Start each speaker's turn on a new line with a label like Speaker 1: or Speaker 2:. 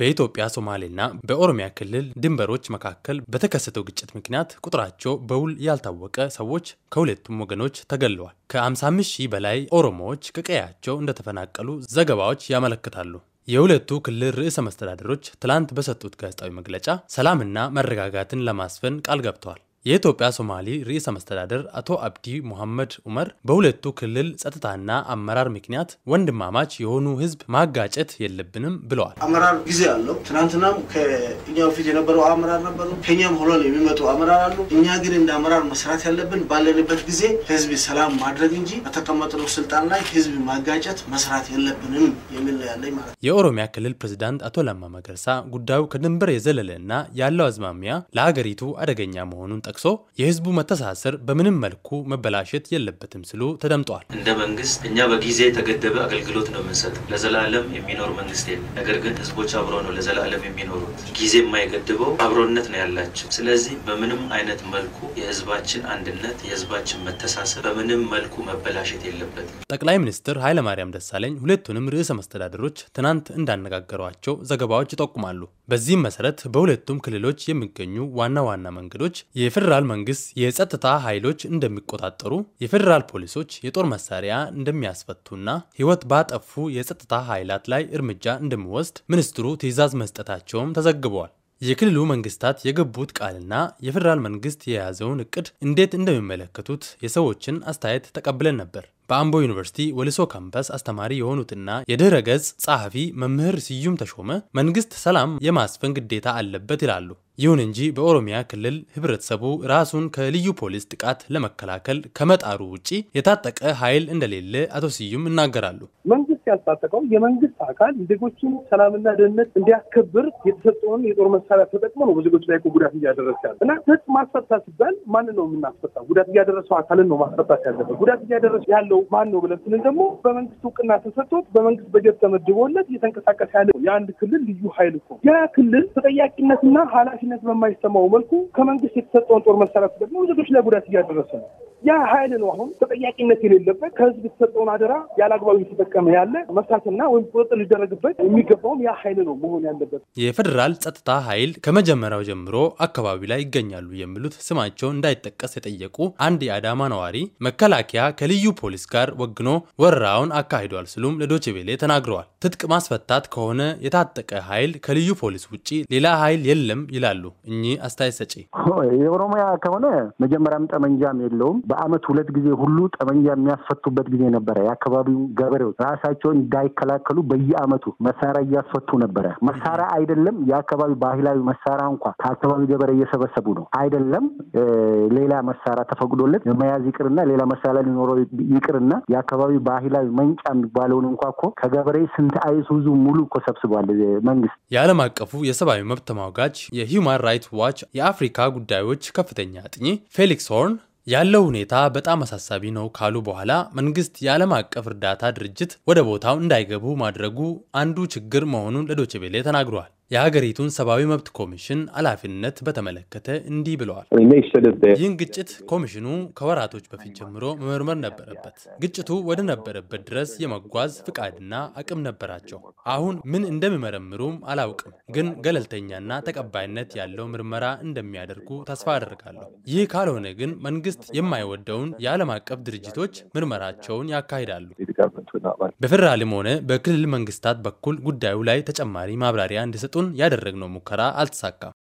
Speaker 1: በኢትዮጵያ ሶማሌና በኦሮሚያ ክልል ድንበሮች መካከል በተከሰተው ግጭት ምክንያት ቁጥራቸው በውል ያልታወቀ ሰዎች ከሁለቱም ወገኖች ተገለዋል። ከ55 ሺህ በላይ ኦሮሞዎች ከቀያቸው እንደተፈናቀሉ ዘገባዎች ያመለክታሉ። የሁለቱ ክልል ርዕሰ መስተዳደሮች ትላንት በሰጡት ጋዜጣዊ መግለጫ ሰላምና መረጋጋትን ለማስፈን ቃል ገብተዋል። የኢትዮጵያ ሶማሌ ርዕሰ መስተዳደር አቶ አብዲ ሙሐመድ ዑመር በሁለቱ ክልል ጸጥታና አመራር ምክንያት ወንድማማች የሆኑ ህዝብ ማጋጨት የለብንም ብለዋል።
Speaker 2: አመራር ጊዜ አለው። ትናንትናም ከእኛ በፊት የነበረው አመራር ነበሩ፣ ከኛም ሆነን የሚመጡ አመራር አሉ። እኛ ግን እንደ አመራር መስራት ያለብን ባለንበት ጊዜ ህዝብ ሰላም ማድረግ እንጂ በተቀመጥነው ስልጣን ላይ ህዝብ ማጋጨት መስራት የለብንም የሚል ነው ያለኝ ማለት
Speaker 1: ነው። የኦሮሚያ ክልል ፕሬዚዳንት አቶ ለማ መገርሳ ጉዳዩ ከድንበር የዘለለ ያለው አዝማሚያ ለሀገሪቱ አደገኛ መሆኑን ጠቅሶ የህዝቡ መተሳሰር በምንም መልኩ መበላሸት የለበትም ሲሉ ተደምጧል
Speaker 2: እንደ መንግስት እኛ በጊዜ የተገደበ አገልግሎት ነው የምንሰጥ ለዘላለም የሚኖር መንግስት የለም። ነገር ግን ህዝቦች አብሮ ነው ለዘላለም የሚኖሩት። ጊዜ የማይገድበው አብሮነት ነው ያላቸው። ስለዚህ በምንም አይነት መልኩ የህዝባችን አንድነት፣ የህዝባችን መተሳሰር በምንም መልኩ መበላሸት የለበትም።
Speaker 1: ጠቅላይ ሚኒስትር ኃይለማርያም ደሳለኝ ሁለቱንም ርዕሰ መስተዳደሮች ትናንት እንዳነጋገሯቸው ዘገባዎች ይጠቁማሉ። በዚህም መሰረት በሁለቱም ክልሎች የሚገኙ ዋና ዋና መንገዶች የፈ የፌዴራል መንግስት የጸጥታ ኃይሎች እንደሚቆጣጠሩ፣ የፌዴራል ፖሊሶች የጦር መሳሪያ እንደሚያስፈቱና ህይወት ባጠፉ የጸጥታ ኃይላት ላይ እርምጃ እንደሚወስድ ሚኒስትሩ ትዕዛዝ መስጠታቸውም ተዘግበዋል። የክልሉ መንግስታት የገቡት ቃልና የፌዴራል መንግስት የያዘውን እቅድ እንዴት እንደሚመለከቱት የሰዎችን አስተያየት ተቀብለን ነበር። በአምቦ ዩኒቨርሲቲ ወልሶ ካምፓስ አስተማሪ የሆኑትና የድህረ ገጽ ጸሐፊ መምህር ስዩም ተሾመ መንግስት ሰላም የማስፈን ግዴታ አለበት ይላሉ። ይሁን እንጂ በኦሮሚያ ክልል ህብረተሰቡ ራሱን ከልዩ ፖሊስ ጥቃት ለመከላከል ከመጣሩ ውጪ የታጠቀ ኃይል እንደሌለ አቶ ስዩም ይናገራሉ።
Speaker 3: ያልታጠቀው የመንግስት አካል የዜጎችን ሰላምና ደህንነት እንዲያስከብር የተሰጠውን የጦር መሳሪያ ተጠቅሞ ነው በዜጎች ላይ ጉዳት እያደረሰ ያለ እና ህግ ማስፈታ ሲባል ማንን ነው የምናስፈታ? ጉዳት እያደረሰው አካልን ነው ማስፈታት ያለበት። ጉዳት እያደረሰ ያለው ማን ነው ብለን ስንል ደግሞ በመንግስት እውቅና ተሰጥቶት በመንግስት በጀት ተመድቦለት እየተንቀሳቀሰ ያለ የአንድ ክልል ልዩ ኃይል እኮ ያ ክልል ተጠያቂነትና ኃላፊነት በማይሰማው መልኩ ከመንግስት የተሰጠውን ጦር መሳሪያ ተጠቅሞ ዜጎች ላይ ጉዳት እያደረሰ ነው። ያ ኃይል ነው አሁን ተጠያቂነት የሌለበት ከህዝብ የተሰጠውን አደራ ያለ አግባብ እየተጠቀመ ያለ መፍታትና ወይም ቁጥጥር ሊደረግበት የሚገባውም ያ ኃይል ነው መሆን ያለበት።
Speaker 1: የፌዴራል ጸጥታ ኃይል ከመጀመሪያው ጀምሮ አካባቢ ላይ ይገኛሉ የሚሉት ስማቸው እንዳይጠቀስ የጠየቁ አንድ የአዳማ ነዋሪ መከላከያ ከልዩ ፖሊስ ጋር ወግኖ ወረራውን አካሂዷል ሲሉም ለዶችቤሌ ተናግረዋል። ትጥቅ ማስፈታት ከሆነ የታጠቀ ኃይል ከልዩ ፖሊስ ውጭ ሌላ ኃይል የለም ይላሉ እኚህ አስተያየት ሰጪ።
Speaker 2: የኦሮሚያ ከሆነ መጀመሪያም ጠመንጃም የለውም። በአመት ሁለት ጊዜ ሁሉ ጠመንጃ የሚያስፈቱበት ጊዜ ነበረ። የአካባቢው ገበሬዎች ራሳቸው ራሳቸውን እንዳይከላከሉ በየአመቱ መሳሪያ እያስፈቱ ነበረ። መሳሪያ አይደለም የአካባቢ ባህላዊ መሳሪያ እንኳ ከአካባቢ ገበሬ እየሰበሰቡ ነው። አይደለም ሌላ መሳሪያ ተፈቅዶለት መያዝ ይቅርና ሌላ መሳሪያ ሊኖረው ይቅርና የአካባቢ ባህላዊ መንጫ የሚባለውን እንኳ እኮ ከገበሬ ስንት አይሱዙ ሙሉ እኮ ሰብስቧል መንግስት።
Speaker 1: የዓለም አቀፉ የሰብአዊ መብት ተሟጋች የሂውማን ራይትስ ዋች የአፍሪካ ጉዳዮች ከፍተኛ አጥኚ ፌሊክስ ሆርን ያለው ሁኔታ በጣም አሳሳቢ ነው ካሉ በኋላ መንግስት የዓለም አቀፍ እርዳታ ድርጅት ወደ ቦታው እንዳይገቡ ማድረጉ አንዱ ችግር መሆኑን ለዶችቤሌ ተናግረዋል። የሀገሪቱን ሰብአዊ መብት ኮሚሽን ኃላፊነት በተመለከተ እንዲህ ብለዋል። ይህን ግጭት ኮሚሽኑ ከወራቶች በፊት ጀምሮ መመርመር ነበረበት። ግጭቱ ወደ ነበረበት ድረስ የመጓዝ ፍቃድና አቅም ነበራቸው። አሁን ምን እንደሚመረምሩም አላውቅም፣ ግን ገለልተኛና ተቀባይነት ያለው ምርመራ እንደሚያደርጉ ተስፋ አደርጋለሁ። ይህ ካልሆነ ግን መንግስት የማይወደውን የዓለም አቀፍ ድርጅቶች ምርመራቸውን ያካሂዳሉ። በፌዴራልም ሆነ በክልል መንግስታት በኩል ጉዳዩ ላይ ተጨማሪ ማብራሪያ እንዲሰጡ ማቋረጡን ያደረግነው ሙከራ አልተሳካም።